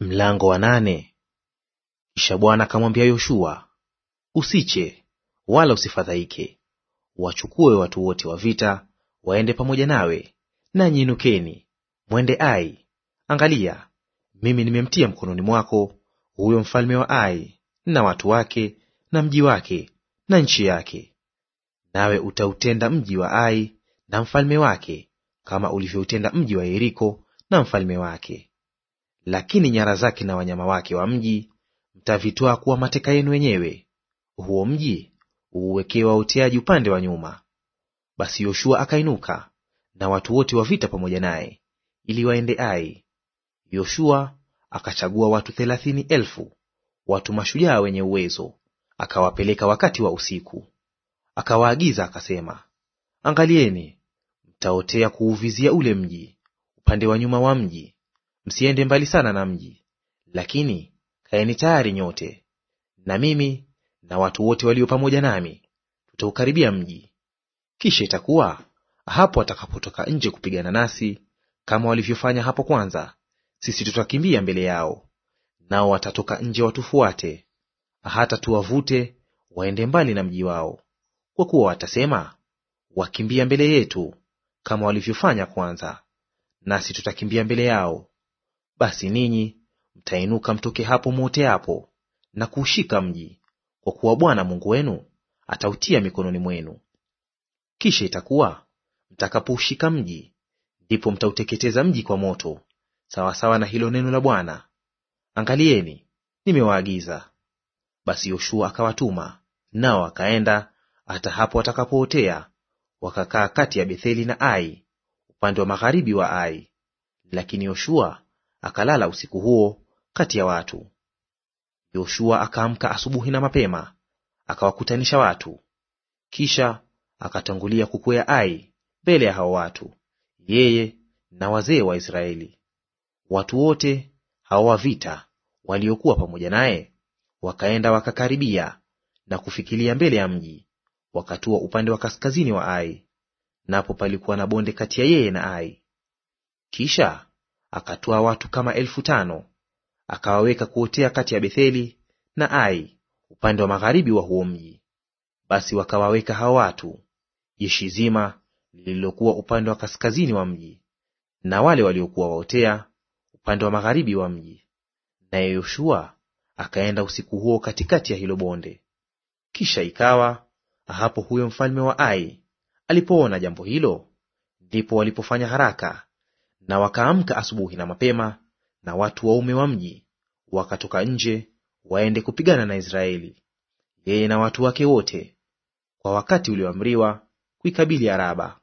Mlango wa nane. Kisha Bwana akamwambia Yoshua, usiche wala usifadhaike, wachukue watu wote wa vita waende pamoja nawe, nanyi inukeni mwende Ai. Angalia, mimi nimemtia mkononi mwako huyo mfalme wa Ai na watu wake na mji wake na nchi yake, nawe utautenda mji wa Ai na mfalme wake kama ulivyoutenda mji wa Yeriko na mfalme wake. Lakini nyara zake na wanyama wake wa mji mtavitoa kuwa mateka yenu wenyewe; huo mji uuwekee waoteaji upande wa nyuma. Basi Yoshua akainuka na watu wote wa vita pamoja naye ili waende Ai. Yoshua akachagua watu thelathini elfu watu mashujaa wenye uwezo, akawapeleka wakati wa usiku. Akawaagiza akasema, Angalieni, mtaotea kuuvizia ule mji, upande wa nyuma wa mji, Msiende mbali sana na mji, lakini kaeni tayari nyote, na mimi na watu wote walio pamoja nami tutaukaribia mji. Kisha itakuwa hapo atakapotoka nje kupigana nasi, kama walivyofanya hapo kwanza, sisi tutakimbia mbele yao, nao watatoka nje watufuate, hata tuwavute waende mbali na mji wao, kwa kuwa watasema, wakimbia mbele yetu kama walivyofanya kwanza, nasi tutakimbia mbele yao basi ninyi mtainuka mtoke hapo hapo na kuushika mji, kwa kuwa Bwana Mungu wenu atautia mikononi mwenu. Kisha itakuwa mtakapoushika mji, ndipo mtauteketeza mji kwa moto, sawasawa na hilo neno la Bwana. Angalieni, nimewaagiza. Basi Yoshua akawatuma, nao akaenda hata hapo watakapootea, wakakaa kati ya Betheli na Ai upande wa magharibi wa Ai. Lakini Yoshua akalala usiku huo kati ya watu. Yoshua akaamka asubuhi na mapema, akawakutanisha watu, kisha akatangulia kukwea Ai mbele ya hao watu, yeye na wazee wa Israeli. Watu wote hao wa vita waliokuwa pamoja naye wakaenda wakakaribia na kufikilia mbele ya mji, wakatua upande wa kaskazini wa Ai, napo palikuwa na bonde kati ya yeye na Ai. Kisha akatwaa watu kama elfu tano akawaweka kuotea kati ya Betheli na Ai upande wa magharibi wa huo mji. Basi wakawaweka hao watu, jeshi zima lililokuwa upande wa kaskazini wa mji, na wale waliokuwa waotea upande wa magharibi wa mji. Naye Yoshua akaenda usiku huo katikati ya hilo bonde. Kisha ikawa hapo huyo mfalme wa Ai alipoona jambo hilo, ndipo walipofanya haraka na wakaamka asubuhi na mapema, na watu waume wa mji wakatoka nje waende kupigana na Israeli, yeye na watu wake wote, kwa wakati ulioamriwa kuikabili Araba.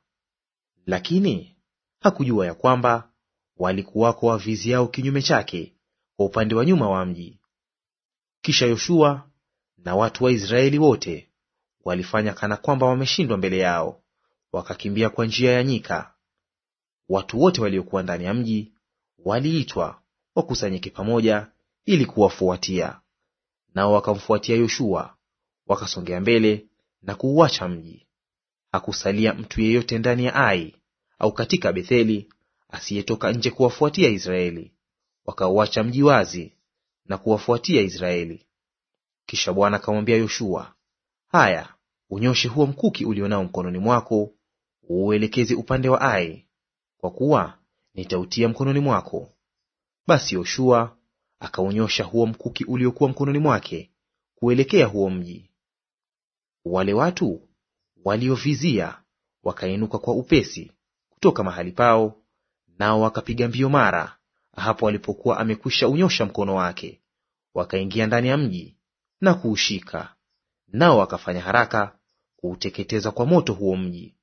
Lakini hakujua ya kwamba walikuwako yao kinyume chake kwa upande wa nyuma wa mji. Kisha Yoshua na watu wa Israeli wote walifanya kana kwamba wameshindwa mbele yao, wakakimbia kwa njia ya nyika watu wote waliokuwa ndani ya mji waliitwa wakusanyike pamoja ili kuwafuatia. Nao wakamfuatia Yoshua, wakasongea mbele na kuuacha mji. Hakusalia mtu yeyote ndani ya Ai au katika Betheli asiyetoka nje kuwafuatia Israeli. Wakauacha mji wazi na kuwafuatia Israeli. Kisha Bwana akamwambia Yoshua, haya, unyoshe huo mkuki ulionao mkononi mwako, uuelekeze upande wa Ai, kwa kuwa nitautia mkononi mwako. Basi Yoshua akaunyosha huo mkuki uliokuwa mkononi mwake kuelekea huo mji. Wale watu waliovizia wakainuka kwa upesi kutoka mahali pao, nao wakapiga mbio mara hapo alipokuwa amekwisha unyosha mkono wake, wakaingia ndani ya mji na kuushika, nao wakafanya haraka kuuteketeza kwa moto huo mji.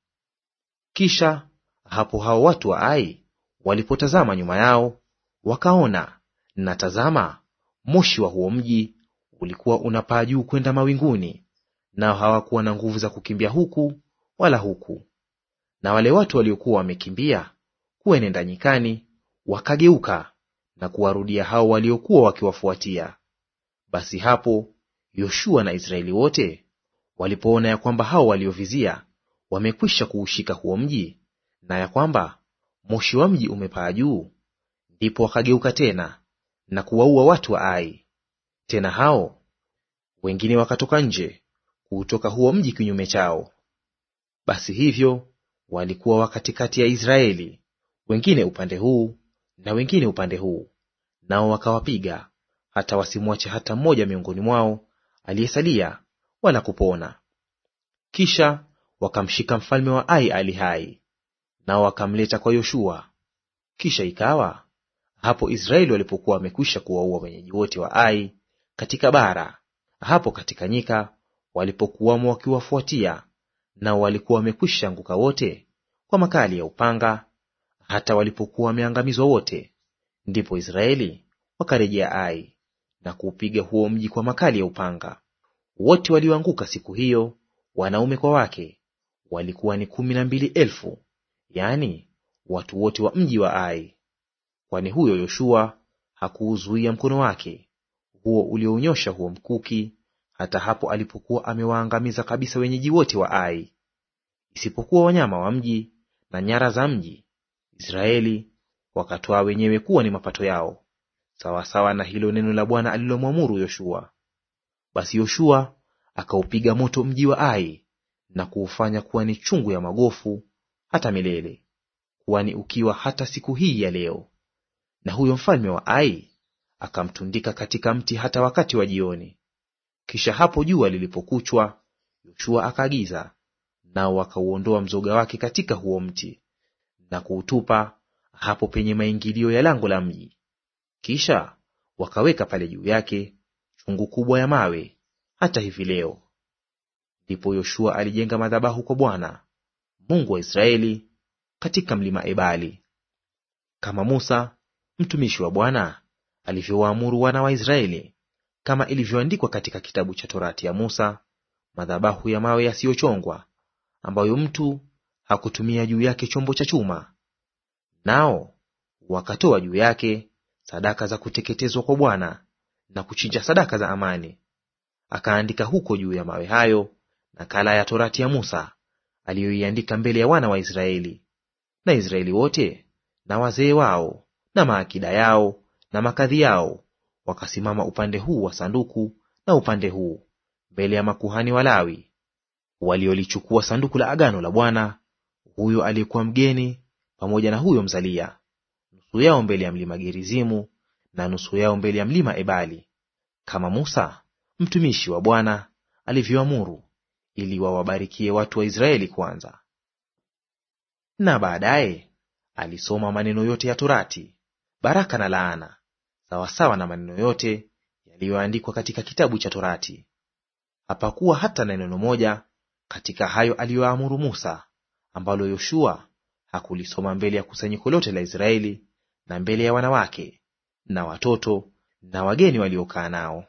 Kisha hapo hao watu wa Ai walipotazama nyuma yao, wakaona na tazama, moshi wa huo mji ulikuwa unapaa juu kwenda mawinguni, nao hawakuwa na nguvu za kukimbia huku wala huku. Na wale watu waliokuwa wamekimbia kuenenda nyikani wakageuka na kuwarudia hao waliokuwa wakiwafuatia. Basi hapo Yoshua na Israeli wote walipoona ya kwamba hao waliovizia wamekwisha kuushika huo mji, na ya kwamba moshi wa mji umepaa juu, ndipo wakageuka tena na kuwaua watu wa Ai. Tena hao wengine wakatoka nje kuutoka huo mji kinyume chao. Basi hivyo walikuwa wakatikati ya Israeli, wengine upande huu na wengine upande huu, nao wakawapiga hata wasimwache hata mmoja miongoni mwao aliyesalia wala kupona. Kisha wakamshika mfalme wa Ai ali hai, nao wakamleta kwa Yoshua. Kisha ikawa hapo Israeli walipokuwa wamekwisha kuwaua wenyeji wote wa Ai katika bara, hapo katika nyika walipokuwamo wakiwafuatia, nao walikuwa wamekwisha anguka wote kwa makali ya upanga, hata walipokuwa wameangamizwa wote, ndipo Israeli wakarejea Ai na kuupiga huo mji kwa makali ya upanga. Wote walioanguka siku hiyo, wanaume kwa wake, walikuwa ni kumi na mbili elfu yaani watu wote wa mji wa Ai, kwani huyo Yoshua hakuuzuia mkono wake huo uliounyosha huo mkuki, hata hapo alipokuwa amewaangamiza kabisa wenyeji wote wa Ai, isipokuwa wanyama wa mji na nyara za mji. Israeli wakatwaa wenyewe kuwa ni mapato yao, sawasawa na hilo neno la Bwana alilomwamuru Yoshua. Basi Yoshua akaupiga moto mji wa Ai na kuufanya kuwa ni chungu ya magofu hata milele, kwani ukiwa hata siku hii ya leo. Na huyo mfalme wa Ai akamtundika katika mti hata wakati wa jioni. Kisha hapo jua lilipokuchwa, Yoshua akaagiza, nao wakauondoa mzoga wake katika huo mti na kuutupa hapo penye maingilio ya lango la mji. Kisha wakaweka pale juu yake chungu kubwa ya mawe hata hivi leo. Ndipo Yoshua alijenga madhabahu kwa Bwana Mungu wa Israeli, katika mlima Ebali, kama Musa mtumishi wa Bwana alivyowaamuru wana wa Israeli, kama ilivyoandikwa katika kitabu cha Torati ya Musa, madhabahu ya mawe yasiyochongwa, ambayo mtu hakutumia juu yake chombo cha chuma. Nao wakatoa juu yake sadaka za kuteketezwa kwa Bwana na kuchinja sadaka za amani. Akaandika huko juu ya mawe hayo nakala ya Torati ya Musa aliyoiandika mbele ya wana wa Israeli na Israeli wote na wazee wao na maakida yao na makadhi yao wakasimama upande huu wa sanduku na upande huu mbele ya makuhani Walawi waliolichukua sanduku la agano la Bwana, huyo aliyekuwa mgeni pamoja na huyo mzalia, nusu yao mbele ya mlima Gerizimu na nusu yao mbele ya mlima Ebali, kama Musa mtumishi wa Bwana alivyoamuru ili wawabarikie watu wa Israeli kwanza. Na baadaye alisoma maneno yote ya Torati, baraka na laana, sawasawa na maneno yote yaliyoandikwa katika kitabu cha Torati. Hapakuwa hata na neno moja katika hayo aliyoamuru Musa ambalo Yoshua hakulisoma mbele ya kusanyiko lote la Israeli na mbele ya wanawake na watoto na wageni waliokaa nao.